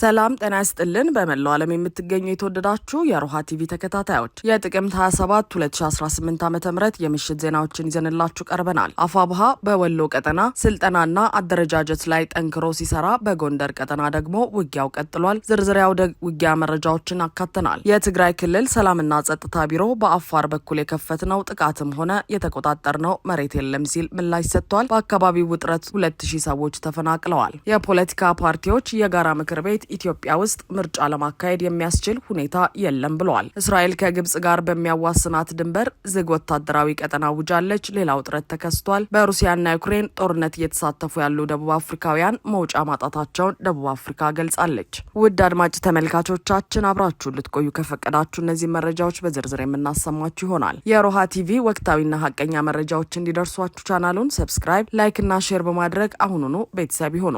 ሰላም ጤና ይስጥልን። በመላው ዓለም የምትገኙ የተወደዳችሁ የሮሃ ቲቪ ተከታታዮች የጥቅምት 27 2018 ዓ ም የምሽት ዜናዎችን ይዘንላችሁ ቀርበናል። አፋብሃ በወሎ ቀጠና ስልጠናና አደረጃጀት ላይ ጠንክሮ ሲሰራ፣ በጎንደር ቀጠና ደግሞ ውጊያው ቀጥሏል። ዝርዝሪያው ውጊያ መረጃዎችን አካተናል። የትግራይ ክልል ሰላምና ጸጥታ ቢሮ በአፋር በኩል የከፈትነው ጥቃትም ሆነ የተቆጣጠርነው መሬት የለም ሲል ምላሽ ሰጥቷል። በአካባቢው ውጥረት ሁለት ሰዎች ተፈናቅለዋል። የፖለቲካ ፓርቲዎች የጋራ ምክር ቤት ኢትዮጵያ ውስጥ ምርጫ ለማካሄድ የሚያስችል ሁኔታ የለም ብለዋል። እስራኤል ከግብጽ ጋር በሚያዋስናት ድንበር ዝግ ወታደራዊ ቀጠና ውጃለች። ሌላ ውጥረት ተከስቷል። በሩሲያና ዩክሬን ጦርነት እየተሳተፉ ያሉ ደቡብ አፍሪካውያን መውጫ ማጣታቸውን ደቡብ አፍሪካ ገልጻለች። ውድ አድማጭ ተመልካቾቻችን አብራችሁ ልትቆዩ ከፈቀዳችሁ እነዚህ መረጃዎች በዝርዝር የምናሰማችሁ ይሆናል። የሮሃ ቲቪ ወቅታዊና ሀቀኛ መረጃዎች እንዲደርሷችሁ ቻናሉን ሰብስክራይብ፣ ላይክ ሼር በማድረግ አሁኑኑ ቤተሰብ ይሁኑ።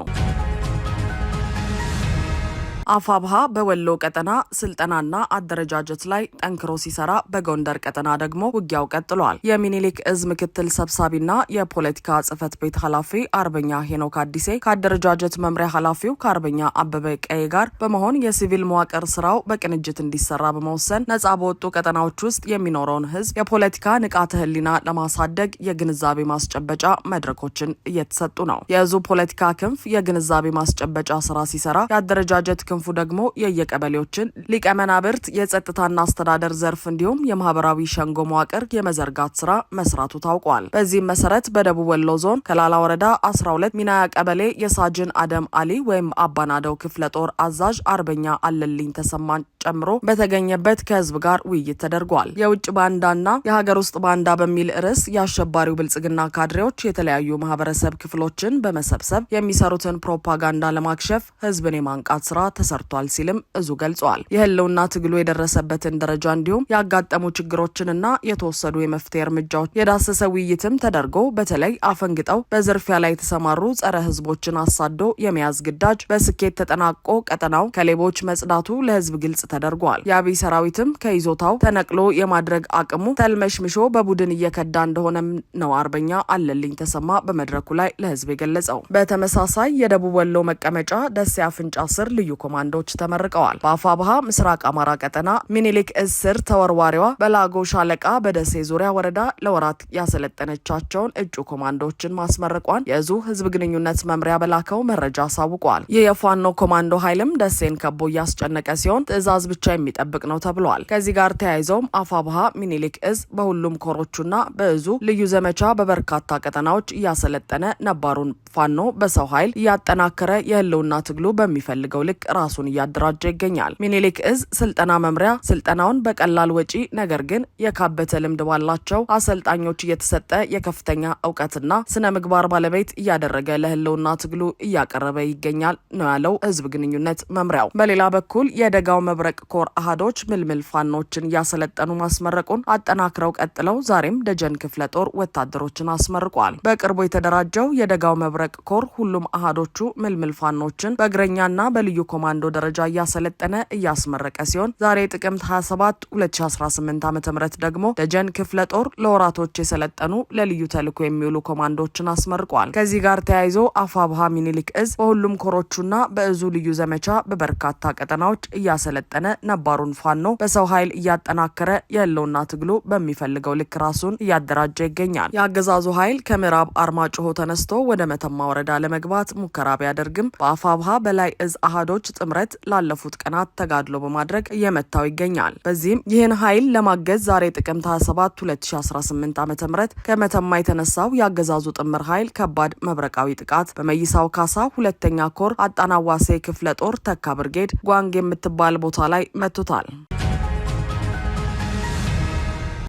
አፋብሃ በወሎ ቀጠና ስልጠናና አደረጃጀት ላይ ጠንክሮ ሲሰራ፣ በጎንደር ቀጠና ደግሞ ውጊያው ቀጥሏል። የሚኒሊክ እዝ ምክትል ሰብሳቢና የፖለቲካ ጽህፈት ቤት ኃላፊ አርበኛ ሄኖክ አዲሴ ከአደረጃጀት መምሪያ ኃላፊው ከአርበኛ አበበ ቀዬ ጋር በመሆን የሲቪል መዋቅር ስራው በቅንጅት እንዲሰራ በመወሰን ነጻ በወጡ ቀጠናዎች ውስጥ የሚኖረውን ህዝብ የፖለቲካ ንቃተ ህሊና ለማሳደግ የግንዛቤ ማስጨበጫ መድረኮችን እየተሰጡ ነው። የእዙ ፖለቲካ ክንፍ የግንዛቤ ማስጨበጫ ስራ ሲሰራ የአደረጃጀት ክንፍ ክንፉ ደግሞ የየቀበሌዎችን ሊቀመናብርት የጸጥታና አስተዳደር ዘርፍ እንዲሁም የማህበራዊ ሸንጎ መዋቅር የመዘርጋት ስራ መስራቱ ታውቋል። በዚህም መሰረት በደቡብ ወሎ ዞን ከላላ ወረዳ 12 ሚናያ ቀበሌ የሳጅን አደም አሊ ወይም አባናደው ክፍለ ጦር አዛዥ አርበኛ አለልኝ ተሰማን ጨምሮ በተገኘበት ከህዝብ ጋር ውይይት ተደርጓል። የውጭ ባንዳና የሀገር ውስጥ ባንዳ በሚል ርዕስ የአሸባሪው ብልጽግና ካድሬዎች የተለያዩ ማህበረሰብ ክፍሎችን በመሰብሰብ የሚሰሩትን ፕሮፓጋንዳ ለማክሸፍ ህዝብን የማንቃት ስራ ተሰርቷል ሲልም እዙ ገልጿል። የህልውና ትግሉ የደረሰበትን ደረጃ እንዲሁም ያጋጠሙ ችግሮችንና የተወሰዱ የመፍትሄ እርምጃዎች የዳሰሰ ውይይትም ተደርጎ በተለይ አፈንግጠው በዝርፊያ ላይ የተሰማሩ ጸረ ህዝቦችን አሳዶ የመያዝ ግዳጅ በስኬት ተጠናቆ ቀጠናው ከሌቦች መጽዳቱ ለህዝብ ግልጽ ተደርጓል። የአብይ ሰራዊትም ከይዞታው ተነቅሎ የማድረግ አቅሙ ተልመሽምሾ በቡድን እየከዳ እንደሆነ ነው አርበኛ አለልኝ ተሰማ በመድረኩ ላይ ለህዝብ የገለጸው። በተመሳሳይ የደቡብ ወሎ መቀመጫ ደሴ አፍንጫ ስር ልዩ ኮማ ኮማንዶዎች ተመርቀዋል። በአፋብሃ ምስራቅ አማራ ቀጠና ሚኒሊክ እስር ተወርዋሪዋ በላጎ ሻለቃ በደሴ ዙሪያ ወረዳ ለወራት ያሰለጠነቻቸውን እጩ ኮማንዶዎችን ማስመረቋን የእዙ ህዝብ ግንኙነት መምሪያ በላከው መረጃ አሳውቋል። ይህ የፋኖ ኮማንዶ ኃይልም ደሴን ከቦ እያስጨነቀ ሲሆን ትዕዛዝ ብቻ የሚጠብቅ ነው ተብሏል። ከዚህ ጋር ተያይዘውም አፋብሃ ሚኒሊክ እዝ በሁሉም ኮሮቹና በእዙ ልዩ ዘመቻ በበርካታ ቀጠናዎች እያሰለጠነ ነባሩን ፋኖ በሰው ኃይል እያጠናከረ የህልውና ትግሉ በሚፈልገው ልክ ራ ራሱን እያደራጀ ይገኛል። ሚኒሊክ እዝ ስልጠና መምሪያ ስልጠናውን በቀላል ወጪ ነገር ግን የካበተ ልምድ ባላቸው አሰልጣኞች እየተሰጠ የከፍተኛ እውቀትና ስነ ምግባር ባለቤት እያደረገ ለህልውና ትግሉ እያቀረበ ይገኛል ነው ያለው ህዝብ ግንኙነት መምሪያው። በሌላ በኩል የደጋው መብረቅ ኮር አህዶች ምልምል ፋኖችን እያሰለጠኑ ማስመረቁን አጠናክረው ቀጥለው ዛሬም ደጀን ክፍለ ጦር ወታደሮችን አስመርቋል። በቅርቡ የተደራጀው የደጋው መብረቅ ኮር ሁሉም አህዶቹ ምልምል ፋኖችን በእግረኛና በልዩ ኮማንድ በኮማንዶ ደረጃ እያሰለጠነ እያስመረቀ ሲሆን ዛሬ ጥቅምት 27 2018 ዓ ም ደግሞ ደጀን ክፍለ ጦር ለወራቶች የሰለጠኑ ለልዩ ተልዕኮ የሚውሉ ኮማንዶዎችን አስመርቋል። ከዚህ ጋር ተያይዞ አፋብሃ ሚኒሊክ እዝ በሁሉም ኮሮቹና በእዙ ልዩ ዘመቻ በበርካታ ቀጠናዎች እያሰለጠነ ነባሩን ፋኖ በሰው ኃይል እያጠናከረ የህልውና ትግሉ በሚፈልገው ልክ ራሱን እያደራጀ ይገኛል። የአገዛዙ ኃይል ከምዕራብ አርማጭሆ ተነስቶ ወደ መተማ ወረዳ ለመግባት ሙከራ ቢያደርግም በአፋብሃ በላይ እዝ አሃዶች ጥምረት ላለፉት ቀናት ተጋድሎ በማድረግ እየመታው ይገኛል። በዚህም ይህን ኃይል ለማገዝ ዛሬ ጥቅምት 27 2018 ዓ ም ከመተማ የተነሳው የአገዛዙ ጥምር ኃይል ከባድ መብረቃዊ ጥቃት በመይሳው ካሳ ሁለተኛ ኮር አጣናዋሴ ክፍለ ጦር ተካ ብርጌድ ጓንግ የምትባል ቦታ ላይ መቶታል።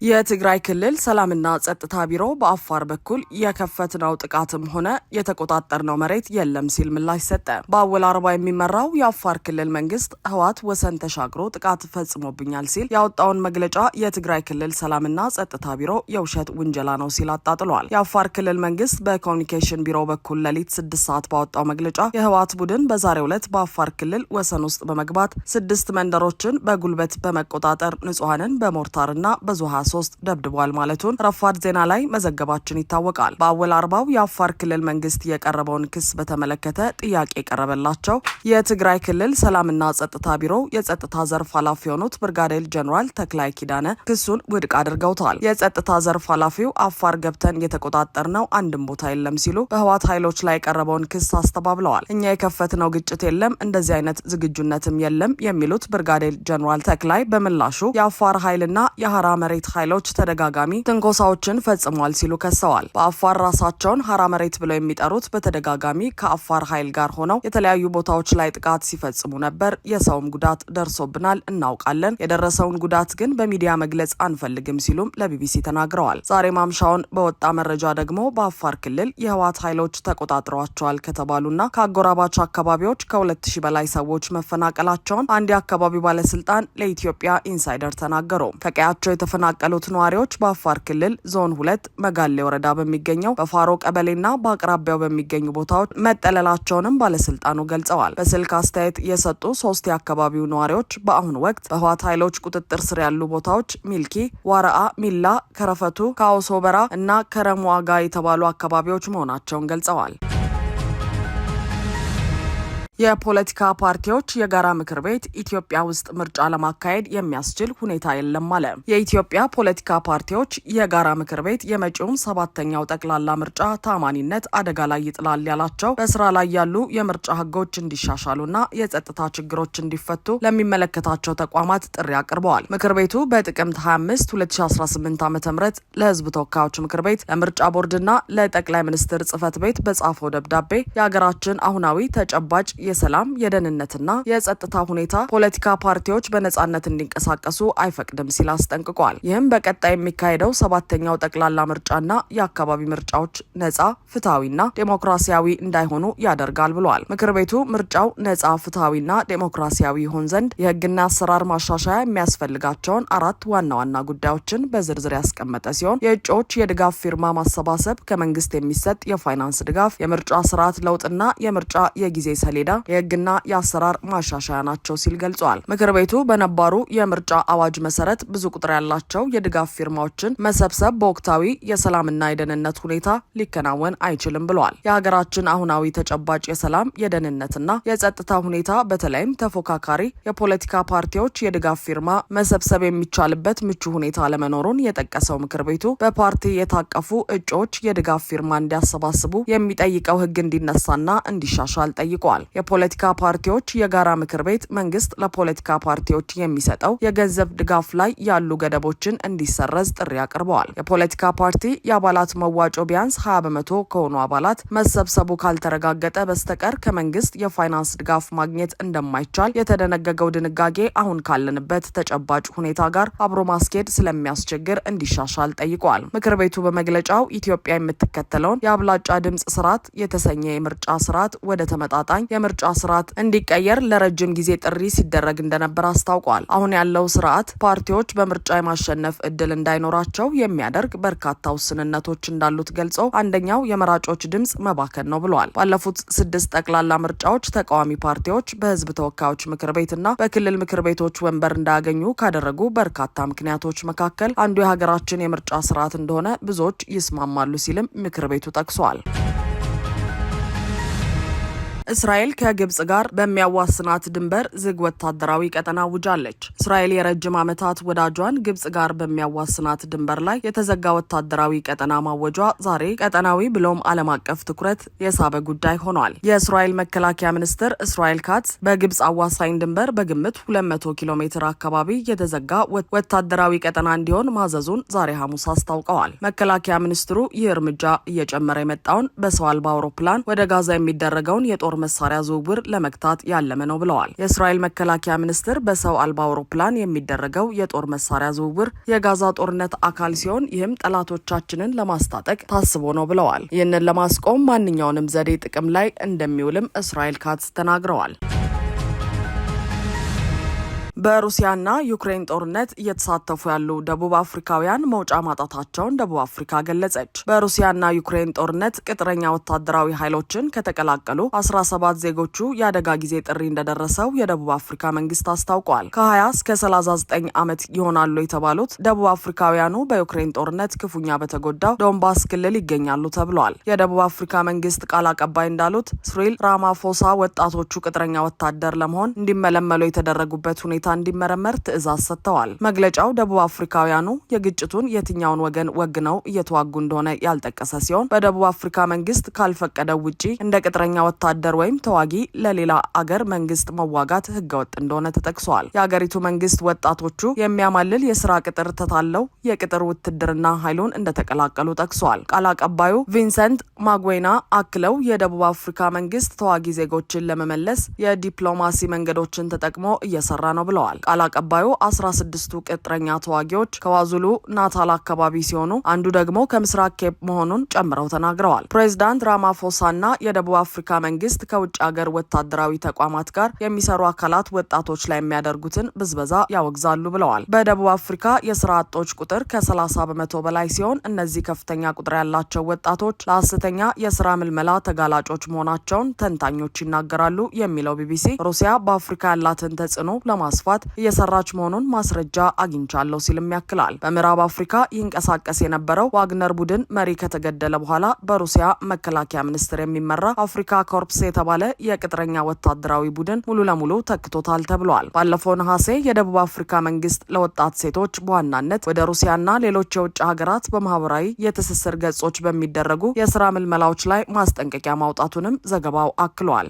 የትግራይ ክልል ሰላምና ጸጥታ ቢሮ በአፋር በኩል የከፈትነው ጥቃትም ሆነ የተቆጣጠርነው መሬት የለም ሲል ምላሽ ሰጠ። በአወል አርባ የሚመራው የአፋር ክልል መንግስት ህወሓት ወሰን ተሻግሮ ጥቃት ፈጽሞብኛል ሲል ያወጣውን መግለጫ የትግራይ ክልል ሰላምና ጸጥታ ቢሮ የውሸት ውንጀላ ነው ሲል አጣጥሏል። የአፋር ክልል መንግስት በኮሚኒኬሽን ቢሮ በኩል ሌሊት ስድስት ሰዓት ባወጣው መግለጫ የህወሓት ቡድን በዛሬው ዕለት በአፋር ክልል ወሰን ውስጥ በመግባት ስድስት መንደሮችን በጉልበት በመቆጣጠር ንጹሐንን በሞርታርና በዙሃ ። ሶስት ደብድቧል ማለቱን ረፋድ ዜና ላይ መዘገባችን ይታወቃል። በአወል አርባው የአፋር ክልል መንግስት የቀረበውን ክስ በተመለከተ ጥያቄ የቀረበላቸው የትግራይ ክልል ሰላምና ጸጥታ ቢሮ የጸጥታ ዘርፍ ኃላፊ የሆኑት ብርጋዴር ጀኔራል ተክላይ ኪዳነ ክሱን ውድቅ አድርገውታል። የጸጥታ ዘርፍ ኃላፊው አፋር ገብተን ነው አንድም ቦታ የለም ሲሉ በህዋት ኃይሎች ላይ የቀረበውን ክስ አስተባብለዋል። እኛ የከፈትነው ግጭት የለም፣ እንደዚህ አይነት ዝግጁነትም የለም የሚሉት ብርጋዴር ጀኔራል ተክላይ በምላሹ የአፋር ኃይልና የሀራ መሬት ኃይሎች ተደጋጋሚ ትንኮሳዎችን ፈጽሟል ሲሉ ከሰዋል። በአፋር ራሳቸውን ሀራ መሬት ብለው የሚጠሩት በተደጋጋሚ ከአፋር ኃይል ጋር ሆነው የተለያዩ ቦታዎች ላይ ጥቃት ሲፈጽሙ ነበር። የሰውም ጉዳት ደርሶብናል፣ እናውቃለን። የደረሰውን ጉዳት ግን በሚዲያ መግለጽ አንፈልግም ሲሉም ለቢቢሲ ተናግረዋል። ዛሬ ማምሻውን በወጣ መረጃ ደግሞ በአፋር ክልል የህወሓት ኃይሎች ተቆጣጥረዋቸዋል ከተባሉና ከአጎራባች አካባቢዎች ከሁለት ሺህ በላይ ሰዎች መፈናቀላቸውን አንድ የአካባቢው ባለስልጣን ለኢትዮጵያ ኢንሳይደር ተናገሩ። ከቀያቸው የተፈናቀሉ የተፈናቀሉት ነዋሪዎች በአፋር ክልል ዞን ሁለት መጋሌ ወረዳ በሚገኘው በፋሮ ቀበሌና በአቅራቢያው በሚገኙ ቦታዎች መጠለላቸውንም ባለስልጣኑ ገልጸዋል። በስልክ አስተያየት የሰጡ ሶስት የአካባቢው ነዋሪዎች በአሁኑ ወቅት በህዋት ኃይሎች ቁጥጥር ስር ያሉ ቦታዎች ሚልኪ፣ ዋረአ፣ ሚላ፣ ከረፈቱ፣ ከአውሶበራ እና ከረሙዋጋ የተባሉ አካባቢዎች መሆናቸውን ገልጸዋል። የፖለቲካ ፓርቲዎች የጋራ ምክር ቤት ኢትዮጵያ ውስጥ ምርጫ ለማካሄድ የሚያስችል ሁኔታ የለም አለ። የኢትዮጵያ ፖለቲካ ፓርቲዎች የጋራ ምክር ቤት የመጪውን ሰባተኛው ጠቅላላ ምርጫ ታማኒነት አደጋ ላይ ይጥላል ያላቸው በስራ ላይ ያሉ የምርጫ ህጎች እንዲሻሻሉና የጸጥታ ችግሮች እንዲፈቱ ለሚመለከታቸው ተቋማት ጥሪ አቅርበዋል። ምክር ቤቱ በጥቅምት 25 2018 ዓ ም ለህዝብ ተወካዮች ምክር ቤት ለምርጫ ቦርድና ለጠቅላይ ሚኒስትር ጽህፈት ቤት በጻፈው ደብዳቤ የሀገራችን አሁናዊ ተጨባጭ የሰላም የደህንነትና የጸጥታ ሁኔታ ፖለቲካ ፓርቲዎች በነጻነት እንዲንቀሳቀሱ አይፈቅድም ሲል አስጠንቅቋል። ይህም በቀጣይ የሚካሄደው ሰባተኛው ጠቅላላ ምርጫና የአካባቢ ምርጫዎች ነጻ ፍትሐዊና ዴሞክራሲያዊ እንዳይሆኑ ያደርጋል ብሏል። ምክር ቤቱ ምርጫው ነጻ ፍትሐዊና ዴሞክራሲያዊ ይሆን ዘንድ የህግና አሰራር ማሻሻያ የሚያስፈልጋቸውን አራት ዋና ዋና ጉዳዮችን በዝርዝር ያስቀመጠ ሲሆን የእጩዎች የድጋፍ ፊርማ ማሰባሰብ፣ ከመንግስት የሚሰጥ የፋይናንስ ድጋፍ፣ የምርጫ ስርዓት ለውጥና የምርጫ የጊዜ ሰሌዳ የህግና የአሰራር ማሻሻያ ናቸው ሲል ገልጿል። ምክር ቤቱ በነባሩ የምርጫ አዋጅ መሰረት ብዙ ቁጥር ያላቸው የድጋፍ ፊርማዎችን መሰብሰብ በወቅታዊ የሰላምና የደህንነት ሁኔታ ሊከናወን አይችልም ብሏል። የሀገራችን አሁናዊ ተጨባጭ የሰላም የደህንነትና የጸጥታ ሁኔታ በተለይም ተፎካካሪ የፖለቲካ ፓርቲዎች የድጋፍ ፊርማ መሰብሰብ የሚቻልበት ምቹ ሁኔታ አለመኖሩን የጠቀሰው ምክር ቤቱ በፓርቲ የታቀፉ እጩዎች የድጋፍ ፊርማ እንዲያሰባስቡ የሚጠይቀው ህግ እንዲነሳና እንዲሻሻል ጠይቋል። የፖለቲካ ፓርቲዎች የጋራ ምክር ቤት መንግስት ለፖለቲካ ፓርቲዎች የሚሰጠው የገንዘብ ድጋፍ ላይ ያሉ ገደቦችን እንዲሰረዝ ጥሪ አቅርበዋል። የፖለቲካ ፓርቲ የአባላት መዋጮ ቢያንስ 20 በመቶ ከሆኑ አባላት መሰብሰቡ ካልተረጋገጠ በስተቀር ከመንግስት የፋይናንስ ድጋፍ ማግኘት እንደማይቻል የተደነገገው ድንጋጌ አሁን ካለንበት ተጨባጭ ሁኔታ ጋር አብሮ ማስኬድ ስለሚያስቸግር እንዲሻሻል ጠይቋል። ምክር ቤቱ በመግለጫው ኢትዮጵያ የምትከተለውን የአብላጫ ድምጽ ስርዓት የተሰኘ የምርጫ ስርዓት ወደ ተመጣጣኝ የምርጫ የምርጫ ስርዓት እንዲቀየር ለረጅም ጊዜ ጥሪ ሲደረግ እንደነበር አስታውቋል። አሁን ያለው ስርዓት ፓርቲዎች በምርጫ የማሸነፍ እድል እንዳይኖራቸው የሚያደርግ በርካታ ውስንነቶች እንዳሉት ገልጸው አንደኛው የመራጮች ድምጽ መባከን ነው ብለዋል። ባለፉት ስድስት ጠቅላላ ምርጫዎች ተቃዋሚ ፓርቲዎች በህዝብ ተወካዮች ምክር ቤትና በክልል ምክር ቤቶች ወንበር እንዳያገኙ ካደረጉ በርካታ ምክንያቶች መካከል አንዱ የሀገራችን የምርጫ ስርዓት እንደሆነ ብዙዎች ይስማማሉ ሲልም ምክር ቤቱ ጠቅሷል። እስራኤል ከግብጽ ጋር በሚያዋስናት ድንበር ዝግ ወታደራዊ ቀጠና ውጃለች። እስራኤል የረጅም ዓመታት ወዳጇን ግብጽ ጋር በሚያዋስናት ድንበር ላይ የተዘጋ ወታደራዊ ቀጠና ማወጇ ዛሬ ቀጠናዊ ብሎም ዓለም አቀፍ ትኩረት የሳበ ጉዳይ ሆኗል። የእስራኤል መከላከያ ሚኒስትር እስራኤል ካትስ በግብጽ አዋሳኝ ድንበር በግምት 200 ኪሎ ሜትር አካባቢ የተዘጋ ወታደራዊ ቀጠና እንዲሆን ማዘዙን ዛሬ ሐሙስ አስታውቀዋል። መከላከያ ሚኒስትሩ ይህ እርምጃ እየጨመረ የመጣውን በሰው አልባ አውሮፕላን ወደ ጋዛ የሚደረገውን የጦር መሳሪያ ዝውውር ለመግታት ያለመ ነው ብለዋል። የእስራኤል መከላከያ ሚኒስትር በሰው አልባ አውሮፕላን የሚደረገው የጦር መሳሪያ ዝውውር የጋዛ ጦርነት አካል ሲሆን ይህም ጠላቶቻችንን ለማስታጠቅ ታስቦ ነው ብለዋል። ይህንን ለማስቆም ማንኛውንም ዘዴ ጥቅም ላይ እንደሚውልም እስራኤል ካትስ ተናግረዋል። በሩሲያና ዩክሬን ጦርነት እየተሳተፉ ያሉ ደቡብ አፍሪካውያን መውጫ ማጣታቸውን ደቡብ አፍሪካ ገለጸች። በሩሲያና ዩክሬን ጦርነት ቅጥረኛ ወታደራዊ ኃይሎችን ከተቀላቀሉ 17 ዜጎቹ የአደጋ ጊዜ ጥሪ እንደደረሰው የደቡብ አፍሪካ መንግስት አስታውቋል። ከ20 እስከ 39 ዓመት ይሆናሉ የተባሉት ደቡብ አፍሪካውያኑ በዩክሬን ጦርነት ክፉኛ በተጎዳው ዶንባስ ክልል ይገኛሉ ተብሏል። የደቡብ አፍሪካ መንግስት ቃል አቀባይ እንዳሉት ስሪል ራማፎሳ ወጣቶቹ ቅጥረኛ ወታደር ለመሆን እንዲመለመሉ የተደረጉበት ሁኔታ እንዲመረመር ትዕዛዝ ሰጥተዋል። መግለጫው ደቡብ አፍሪካውያኑ የግጭቱን የትኛውን ወገን ወግነው እየተዋጉ እንደሆነ ያልጠቀሰ ሲሆን በደቡብ አፍሪካ መንግስት ካልፈቀደው ውጪ እንደ ቅጥረኛ ወታደር ወይም ተዋጊ ለሌላ አገር መንግስት መዋጋት ህገወጥ እንደሆነ ተጠቅሷል። የአገሪቱ መንግስት ወጣቶቹ የሚያማልል የስራ ቅጥር ተታለው የቅጥር ውትድርና ኃይሉን እንደተቀላቀሉ ጠቅሷል። ቃል አቀባዩ ቪንሰንት ማጉዌና አክለው የደቡብ አፍሪካ መንግስት ተዋጊ ዜጎችን ለመመለስ የዲፕሎማሲ መንገዶችን ተጠቅሞ እየሰራ ነው ብለዋል። ብለዋል። ቃል አቀባዩ አስራ ስድስቱ ቅጥረኛ ተዋጊዎች ከዋዙሉ ናታል አካባቢ ሲሆኑ አንዱ ደግሞ ከምስራቅ ኬፕ መሆኑን ጨምረው ተናግረዋል። ፕሬዚዳንት ራማፎሳና የደቡብ አፍሪካ መንግስት ከውጭ ሀገር ወታደራዊ ተቋማት ጋር የሚሰሩ አካላት ወጣቶች ላይ የሚያደርጉትን ብዝበዛ ያወግዛሉ ብለዋል። በደቡብ አፍሪካ የስራ አጦች ቁጥር ከ30 በመቶ በላይ ሲሆን እነዚህ ከፍተኛ ቁጥር ያላቸው ወጣቶች ለሐሰተኛ የስራ ምልመላ ተጋላጮች መሆናቸውን ተንታኞች ይናገራሉ የሚለው ቢቢሲ ሩሲያ በአፍሪካ ያላትን ተጽዕኖ ለማስፋት ለማጥፋት እየሰራች መሆኑን ማስረጃ አግኝቻለሁ ሲልም ያክላል። በምዕራብ አፍሪካ ይንቀሳቀስ የነበረው ዋግነር ቡድን መሪ ከተገደለ በኋላ በሩሲያ መከላከያ ሚኒስቴር የሚመራ አፍሪካ ኮርፕስ የተባለ የቅጥረኛ ወታደራዊ ቡድን ሙሉ ለሙሉ ተክቶታል ተብሏል። ባለፈው ነሐሴ የደቡብ አፍሪካ መንግስት ለወጣት ሴቶች በዋናነት ወደ ሩሲያና ሌሎች የውጭ ሀገራት በማህበራዊ የትስስር ገጾች በሚደረጉ የስራ ምልመላዎች ላይ ማስጠንቀቂያ ማውጣቱንም ዘገባው አክሏል።